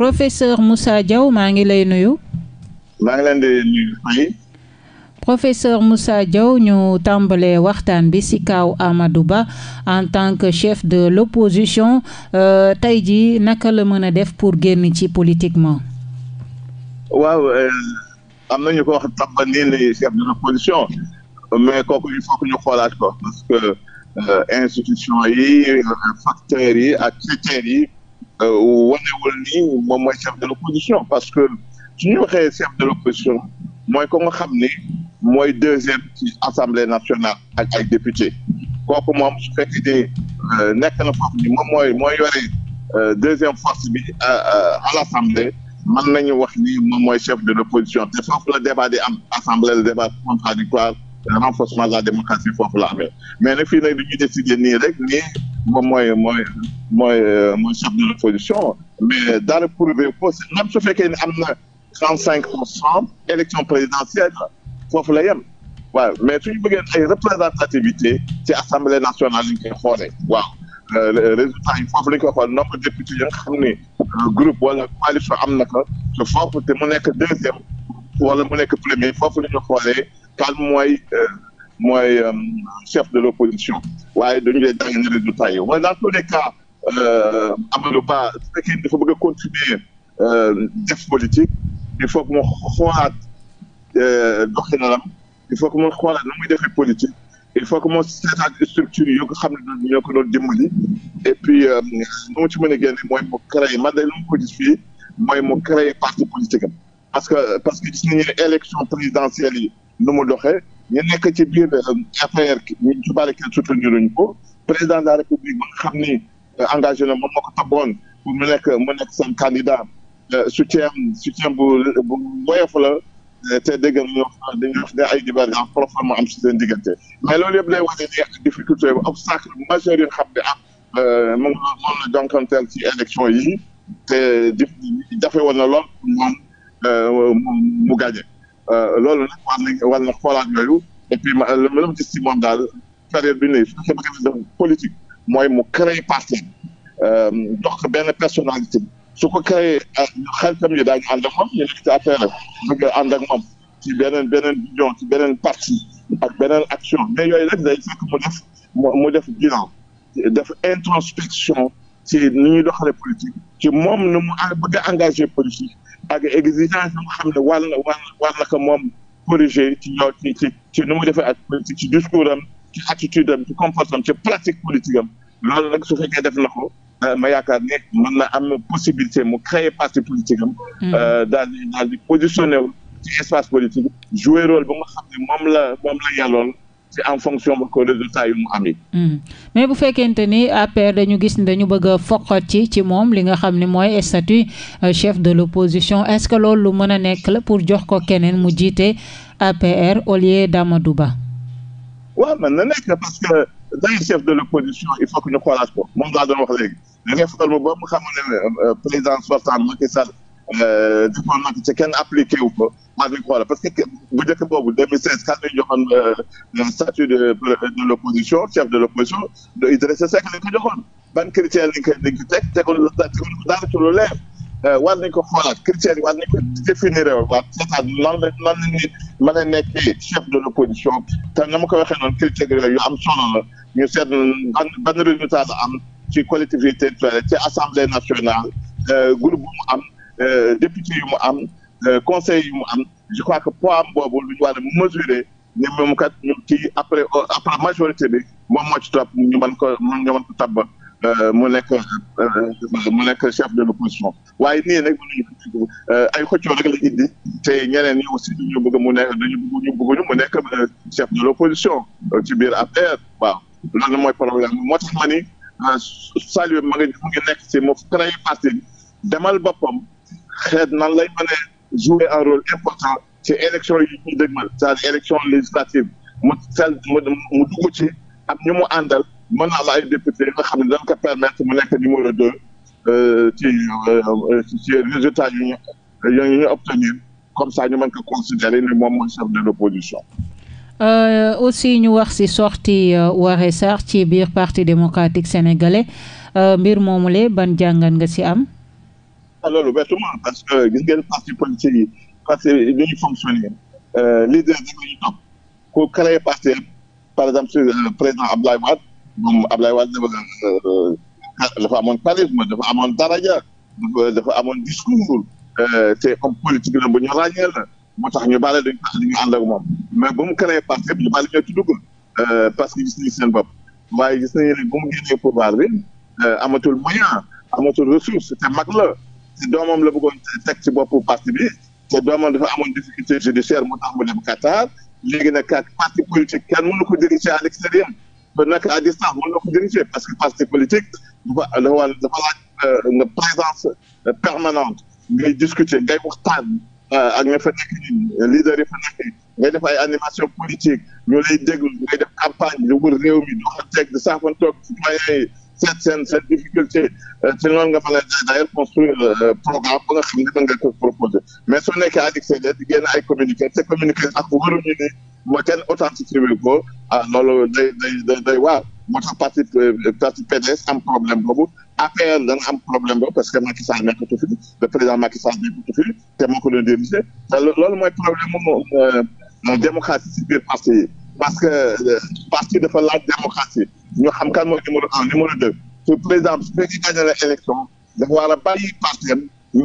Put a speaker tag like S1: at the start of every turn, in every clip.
S1: professeur Moussa Diaw maa ngi lay nuyu. maa ngi leen di nuyu ñu tàmbalee waxtaan bi ci kaw Amadou Ba en tant que chef de l'opposition euh, tey jii naka la mën a def pour génn ci politiquement.
S2: waaw euh, am na ñu ko wax tàmbal nii ni chef de l'opposition mais kooku ñu xoolaat ko parce que euh, institution yi facteurs yi ak critères yi. Euh, wanewul ni moom mooy chef de l'opposition parce que su ñu waxee chef de l'opposition mooy ko nga xam ni mooy deuxième ci assemblée nationale ak ay député kooku moom su fekkee ne euh, nekk na foofu ni moom mooy mooy yore euh, deuxième force bi à l'assemblée mën nañu wax ni moom mooy chef de l'opposition te foofu la débat di am assemblée le débat contradictoire renforcement de la démocratie foofu la amee mais nag fii nag du ñu décider nii rek nii moom mooy mooy mooy euh, mooy chef de l'opposition mais dara prouvé ko même su fekkee ni am na trente cinq pour cent élection présidentielle foofu la yem waaw mais suñu bëggee ay représentativité ci assemblée nationale lañ koy xoolee waaw euh, résultat yi foofu lañ koy xool nombre député yi nga xam ne euh, groupe wala coalition am na ko te foofu te mu nekk deuxième wala mu nekk premier foofu la ñu xoolee kan mooy euh, mooy euh, chef de l'opposition waaye dañu leen jàng ne résultat yi wala dans tous les cas euh, Amadou Ba su fekkee dafa bëgg continuer def politique il faut que mu xoolaat doxalinam il faut que mu xoolaat nu muy defee politique il faut que mu a structure yo yoo xam ne ñoo ko doon dimbali et puis nu mu ci mën a mooy mu créé man de mu ko mooy mu créé parti politique parce que parce que gis nañu élection présidentielle yi nu mu doxee ñu nekk ci biir euh, affaire ñu ci bari kenn soutenir ñu président de la république ba xam ni euh, engagé na moom moo ko taboon pour mu nekk mu nekk seen candidat euh, soutien soutien bu bu woyof la te dégg nga dañuy wax ne ay divergence profonde am si seen diggante mais loolu yëpp day wane ne difficulté bu obstacle majeur yi nga xam ne ah moom la moom la ci élection yi te jafe woon na lool mu gagné euh, loolu nag war nañ war na xoolaat yooyu et puis ma la ma gis moom daal période bi nii suñu mécanisme mooy mu créer parti dox euh, benn personnalité su ko créé xaritam yi daañu ànd ak moom ñu nekk ci affaire bëgg ànd ak moom ci beneen beneen vision beneen parti ak beneen action mais yooyu rek day mu def mu def bilan def introspection ci ni ñuy doxalee politique ci moom nu mu bëgg a engagé politique ak exigence yoo xam ne war na war war na ko moom corriger ci ñoo ci ci ci nu mu defee ak politique ci discours am ci attitude am ci comportement ci pratique politique am loolu nag su fekkee def na ko euh, ma yaakaar ne mën na am possibilité mu créer parti politique am. Hmm. Euh, daal di daal ci espace politique jouer rôle nga xam ne moom la moom la yàllool c'est en fonction ba
S1: hmm. mais bu fekkente ni APR dañu gis ni dañu bëgg a foqat ci ci moom li nga xam ne mooy statut euh, chef de l'opposition est-ce que loolu lu mën a nekk la pour jox ko keneen mu jiite APR au lieu Ba
S2: waaw mën na nekk parce que day chef de l'opposition il faut que ñu xoolaat ko moom laa doon wax léegi da ngay faral ma ba mu xam ne euh, président sortant Macky Sall Euh, diplomatique kenn appliqué wu ko avec voilà parce que bu njëkk boobu 2016 kan lañ joxoon euh, statut de de l' opposition chef de l' opposition de Idrissa Seck lañ ko joxoon ban critère lañ ko lañ ko teg tegul daal ci lu leer euh, war nañ ko xoolaat critères war nañ ko définir waat cest à la nan la ñuy mën a nekkee l' opposition na ma ko waxee noonu critères yooyu yu am solo la ñu seet ban ban résultat am ci collectivité territoriale ci assemblée nationale groupe am. Euh, député yu mu am euh, conseil yu mu am je crois que poids am boobu lu ñu war a mesurer ne moom kat ñu euh, majorité bi moom moo ci topp ñu man ko mu nga mën ko tabb mu nekk mu nekk chef de l'opposition waaye nii nag mënuñu ay xëccoo rek indi te ñeneen ñi aussi ñu bëgg mu nekk dañu bëgg ñu bëgg ñu mu nekk chef de l'opposition ci biir a APR waaw loolu mooy problème moo tax ma ni Saliou ma ngi mu ngi nekk ci mu créé parti demal boppam xeet nan lay mën a jouer un rôle important ci élection yi ñuy dëgmal c'est-à-dire élection législative mu sel mu ci am ñu mu àndal mën naa la ay député yi xam ne dañ ko permettre mu nekk numéro deux euh, euh, ci ci résultat yu ñu yu ñu obtenir comme ça ñu mën ko considérer ni moom mooy chef de l'opposition
S1: euh, aussi ñu wax ci sorti euh, Woré Sarr ci biir Parti démocratique sénégalais mbir euh, moomule ban jàngat nga ci am
S2: loolu ouvertement parce que gis ngeen parti politique yi parce que li ñuy fonctionner euh, leader yi ñu topp ku créé parti par exemple sur euh, président Abdoulaye Wade moom Abdoulaye Wade dafa euh, amoon charisme dafa amoon daraja dafa amoon discours te comme politique la bu ñu ràññee la moo tax ñu bari dañu tax dañu ànd ak moom mais bu mu créé parti yëpp ñu bari ñoo ci dugg parce que gis nañu seen bopp waaye gis nañu ne bu mu génnee pouvoir bi amatul moyen amatul ressource te la. doomam la bëggoon teg ci boppu parti bi te doomam dafa amoon difficulté judiciaire mu tax mu dem Qatar léegi nag parti politique kenn mënu ko diriger à l'extérieur kon nag à distance mënu ko diriger parce que parti politique dafa dafa dafa laaj euh, une présence permanente ngay discuter ngay waxtaan euh, ak ña fa nekk leader yi fa nekk ngay def ay animation politique ñu lay déglu ngay def campagne di wër réew mi a teg di saafantoog citoyen yi seet seen seen difficulté euh, ci noonu nga mën a d'ailleurs construire euh, euh, programme ba nga xam ne mën nga ko mais soo nekkee annexé leen di génn ay communiqué te communiqué ak waruñu ni ma kenn authentifié ko ah loolu day day day waar moo tax parti parti am problème boobu APR dana am problème boobu parce que Macky Sall nekkatu fi le président Macky Sall nekkatu fi te moo ko doon loolu mooy problème mu démocratie ci parce que euh, parti dafa laaj démocratie ñu xam kan mooy numéro un numéro deux su président bi su fekkee gagné la élection dafa war a bàyyi parti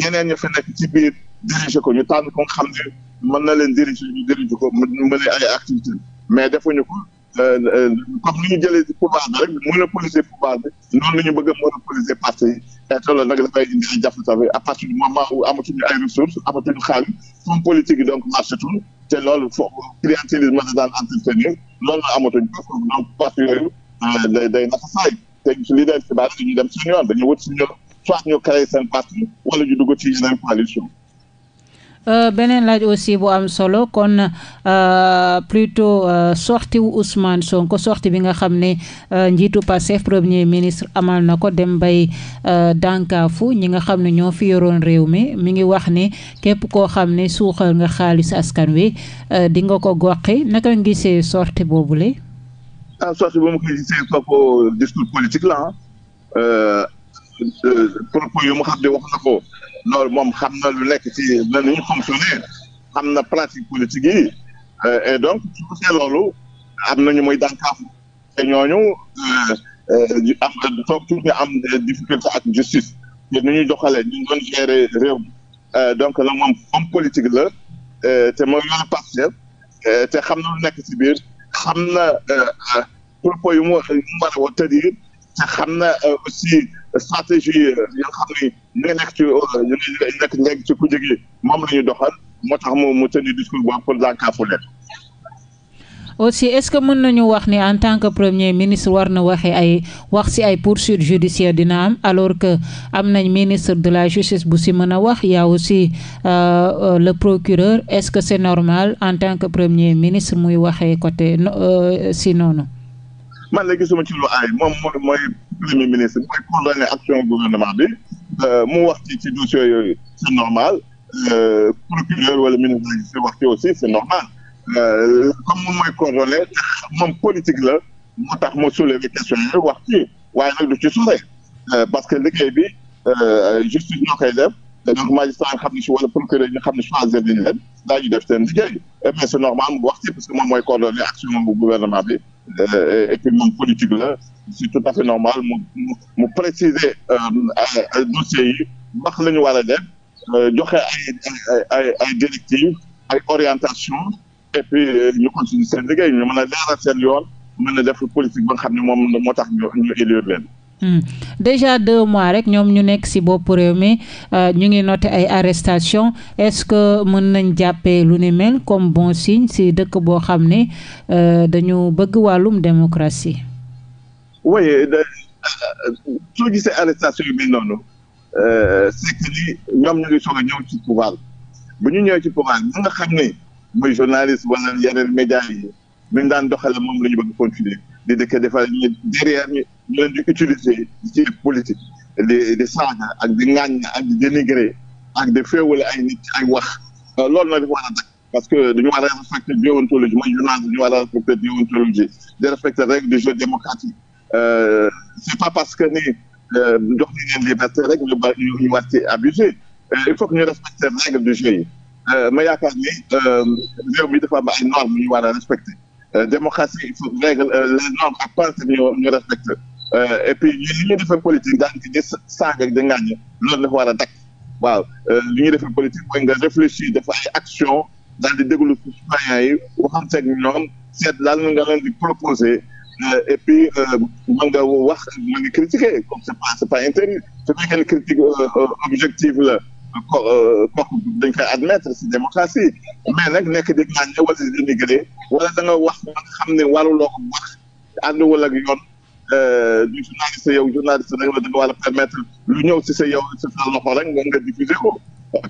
S2: ñeneen ñu fi ci biir diriger ko ñu tànn ko nga xam ne mën na leen diriger ñu diriger ko mën ay activité mais defuñu ko comme ni ñu jëlee pouvoir bi rek monopoliser pouvoir bi noonu la ñu bëgg a monopoliser parti yi te loolu nag dafay indi ay jafe-jafe à partir du moment où amatuñu ay ressources amatuñu xaalis fonds politique yi donc marchetul te loolu fo clientélisme da daan entretenir loolu la amatuñu parce donc parti yooyu euh, day day nafa saay te leader si baax dañuy dem suñu yoon dañuy wut suñu soit ñu créé seen parti wala ñu dugg ci yeneen coalition
S1: Euh, beneen laaj aussi bu am solo kon euh, plutôt euh, sortie wu Ousmane Sonko sortie bi nga xam ne njiitu Pastef premier ministre amal na ko dem bay dànkaafu ñi nga xam ne ñoo fi yoroon réew mi mi ngi wax ni képp koo xam ne suuxal nga xaalis askan wi di nga ko goqi naka nga gisee sortie ah, boobu nga
S2: loolu moom xam na lu nekk ci na ñu fonctionner xam na pratique politique yi euh, et donc su ko see loolu am nañu muy dànkaafu te ñooñu euh, euh, am toog tuuti am difficulté ak justice te nu ñu doxalee ñu doon gérer réew donc la moom homme politique la te mooy loolu partiel te xam na lu nekk ci biir xam na propos yu mu war a tëddi te xam na aussi stratégie yi nga nekk ci ñu nekk ci kujje gi moom la doxal moo tax moom mu tënni discours boobu pour dànkaafu leen.
S1: aussi est-ce que mën nañu wax ni en tant que premier ministre war na waxee ay wax si ay poursuites judiciaires dina am alors que am nañ ministre de la justice bu si mën a wax y a aussi euh, euh, le procureur est-ce que c'est normal en tant que premier ministre muy waxee côté si euh, noonu.
S2: man la gisuma ci lu aay moom mooy premier ministre mooy coordonner action gouvernement bi euh, moo wax ci ci dossier yooyu c' est normal euh, procureur wala ministre de ci justice wax ci aussi c' est normal euh, comme moom mooy coordonner moom politique la moo tax mu soulever question yooyu wax waaye nag du ci sore parce que liggéey bi justice ñoo koy def donc magistrat yi xam ne si wala procureur yi xam ne choisir nañ leen daañu def seen liggéey mais c' est normal mu wax parce que moom mooy coordonner a bu bi. Euh, et que moom politique la c'est tout à fait normal mu mu mu préciser euh, dossiers yi wax la war a def euh, joxe ay ay ay directives ay orientations et puis ñu continuer seen liggéey ñu mën a leeral seen yoon mën la def politique ba nga xam ne moom moo tax ñu ñu élire leen.
S1: Hmm. déjà deux mois rek ñoom ñu nekk ci bopp réew mi euh, ñu ngi noté ay arrestation est-ce que mën nañ jàppee lu ni mel comme bon signe ci dëkk boo xam ne euh, dañu bëgg wàllum démocratie.
S2: oui euh, soo gisee arrestation yi mel noonu c'est ni ñoom ñu ngi soog a ñëw ci pouvoir bu ñu ñëwee ci pouvoir ñi nga xam ne mooy journaliste wala yeneen médias yi ñu daan doxale moom la ñu bëgg continuer di dëkk defal ñu derrière ñu. ñu leen di utiliser ci politique di ak di ŋàññ ak di dénigrer ak di féewale ay nit ay wax euh, loolu nag dafa war a dakk parce que dañu war a respecté déontologie mooy journaliste dañu war a respecté déontologie di respecté règle du jeu démocratique euh, c'est pas parce que ni euh, jox ñu liberté rek ba ñu war ci abusé il faut que ñu respecté règle du jeu yi ma yaakaar ni réew mi dafa am ay normes ñu war a respecté démocratie il faut règle les normes ak pensées ñu ñu respecté Euh, et puis li ñuy defee politique daanaka di saaga di ngaañ loolu dafa war a dakk waaw euh, li ñuy defee politique mooy nga réfléchir dafa ay action daal di déglu citoyen yi waxanteeg ñoom seet daal nga leen di proposer euh, et puis mën nga wax mën nga critiquer comme c'est pas c'est pas interdit su fekkee ne critique objective la ko dañ koy admettre ci démocratie mais nekk di ngaañ wala di dénigrer wala da nga wax nga xam ne waruloo ko wax ànduwul ak yoon Euh, du journaliste yow journaliste da nga war a permettre lu ñëw si sa yow sa sa nga diffuser ko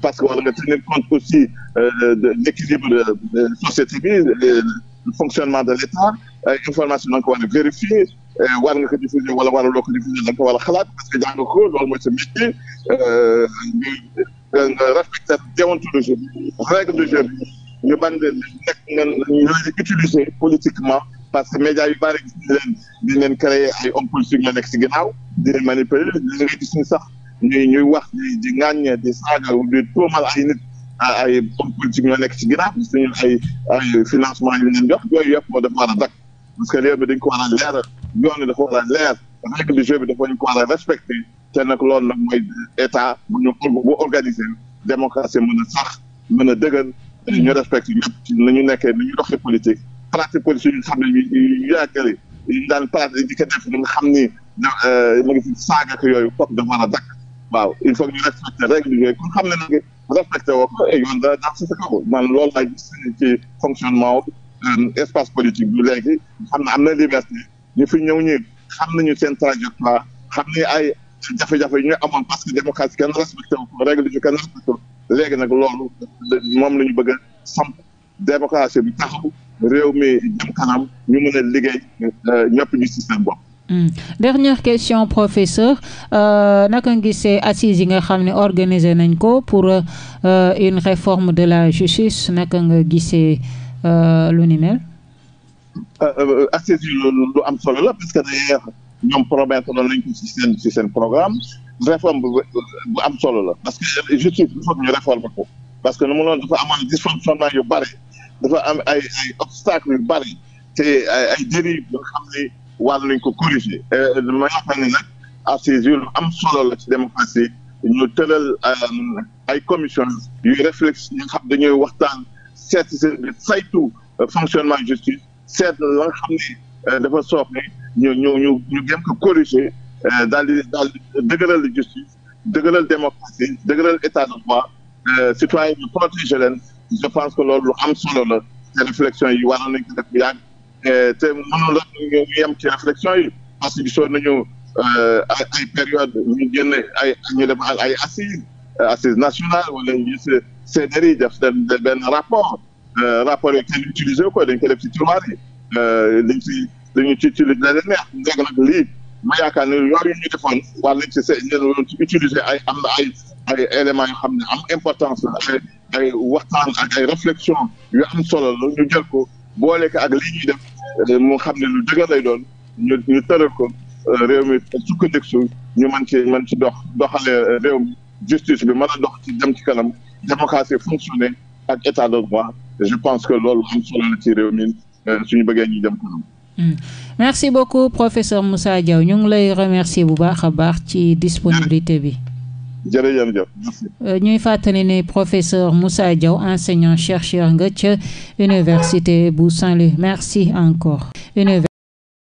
S2: parce que war nga tenir compte aussi euh, de l' euh, de société bi le fonctionnement de l' information da war a vérifier war nga ko diffuser wala waruloo ko diffuser war a xalaat parce que jàng ko loolu mooy métier nga respecter règle de jeu ñu ban nekk nga utiliser politiquement. parce que média yu bari di leen di leen créer ay hommes politiques la nekk ci ginnaaw di leen manipuler di leen gis ñu sax ñuy wax di di ŋàññ di saaga di tuumal ay nit ay hommes politiques la nekk ci ginnaaw parce que ñun ay ay financement yu leen jox yooyu yëpp moo dafa war a dakk parce que réew mi dañ ko war a leer yoon bi dafa war a leer règle du jeu bi dafa ñu ko war a respecté te nag loolu nag mooy état bu ñu bu organiser démocratie mën a sax mën a dëgër ñu nañu nekkee ni ñu doxee politique pratique politique yi nga xam ne nga xam ni ma euh, ngi saaga ko yooyu foog dafa war a dakk waaw il faut que ñu respecté règle yooyu kon xam ne nag respecté woo ko et yoon dana daan si sa kaw man loolu laa gis ci fonctionnement euh, espace politique bu léegi xam ne am na liberté ñu fi ñëw ñi xam nañu seen trajectoire xam ni ay jafe-jafe yu ñu amoon parce que démocratie kenn respecté wu ko règle kenn respecté wu léegi nag loolu moom la ñu bëgg a samp démocratie bi taxaw réew mi jëm kanam ñu mën a liggéey euh, ñëpp ñu ci seen
S1: hmm. dernière question professeur euh, naka nga gisee assises yi nga xam ne organise nañ ko pour euh, une réforme de la justice naka nga gisee lu ni mel.
S2: assises yi loolu lu am solo la parce que d'ailleurs ñoom promettre seen ci seen programme réforme bu solo la parce que justice il faut que ñu réformer ko parce que nu mu noonu dafa amoon dysfonctionnement yu bare. dafa am ay ay obstacle bari te ay ay dérive yoo xam ne war nañ ko corriger euh, ma yaakaar ne nag se yu am solo la ci démocratie ñu tëral euh, ay commission yuy réflexe yi nga xam dañuy waxtaan seet seen bi saytu fonctionnement justice seet la nga xam ne euh, dafa sooxe ñu ñu ñu ñu gëm corriger daal di daal dëgëral justice dëgëral démocratie dëgëral état de droit citoyen ñu protéger leen je pense que loolu am solo la te réflexion yi waroon nañ ko def bu yàgg te mënul la yem ci réflexion yi parce que gisoon nañu euh, ay période ñu génne ay ñu def ay assises euh, assises nationales wala ñu gis CDR yi def benn rapport euh, rapport yi kenn utilisé ko dañ ko def ci tiroir yi dañ ci dañu ci ci li neex nag lii ma yaakaar ne yooyu ñu defoon war nañ ci se ñu ci utiliser ay am ay ay éléments yoo xam ne am importance la ay waxtaan ak ay réflexion yu am solo la ñu jël ko boole ko ak li ñuy def euh, mu xam ne lu dëgër lay doon ñu ñu tëral ko euh, réew mi sukkandiku ñu mën ci man ci dox doxalee euh, réew mi justice bi mën a dox ci dem ci kanam démocratie fonctionner ak état de droit je pense que loolu am solo la ci réew mi ñu bëggee ñu jëm kanam
S1: Hmm. merci beaucoup professeur Moussa Diaw ñu ngi lay remercier bu baax a baax ci disponibilité bi. jërëjëf euh, ñuy fàttali ne professeur Moussa Diaw enseignant chercheur nga ca université bu Saint-Louis merci encore.